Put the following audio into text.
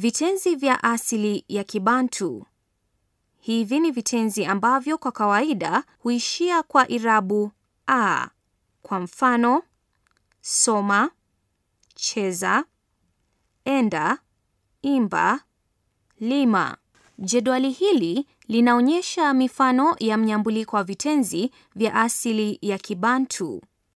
Vitenzi vya asili ya Kibantu. Hivi ni vitenzi ambavyo kwa kawaida huishia kwa irabu a. Kwa mfano, soma, cheza, enda, imba, lima. Jedwali hili linaonyesha mifano ya mnyambuliko wa vitenzi vya asili ya Kibantu.